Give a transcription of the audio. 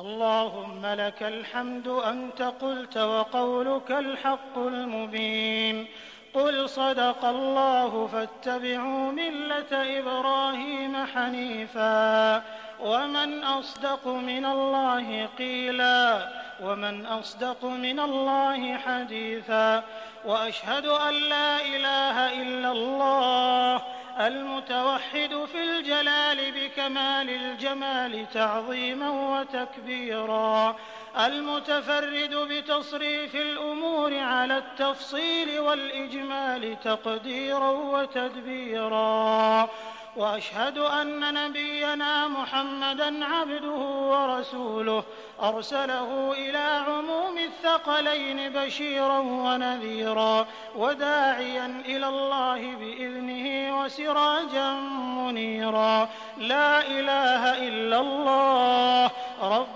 اللهم لك الحمد أنت قلت وقولك الحق المبين قل صدق الله فاتبعوا ملة إبراهيم حنيفا ومن أصدق من الله قيلا ومن أصدق من الله حديثا وأشهد أن لا إله إلا المتوحد في الجلال بكمال الجمال تعظيما وتكبيرا المتفرد بتصريف الأمور على التفصيل والإجمال تقديرا وتدبيرا واشهد ان نبينا محمدا عبده ورسوله ارسله الى عموم الثقلين بشيرا ونذيرا وداعيا الى الله باذنه وسراجا منيرا لا إله إلا الله رب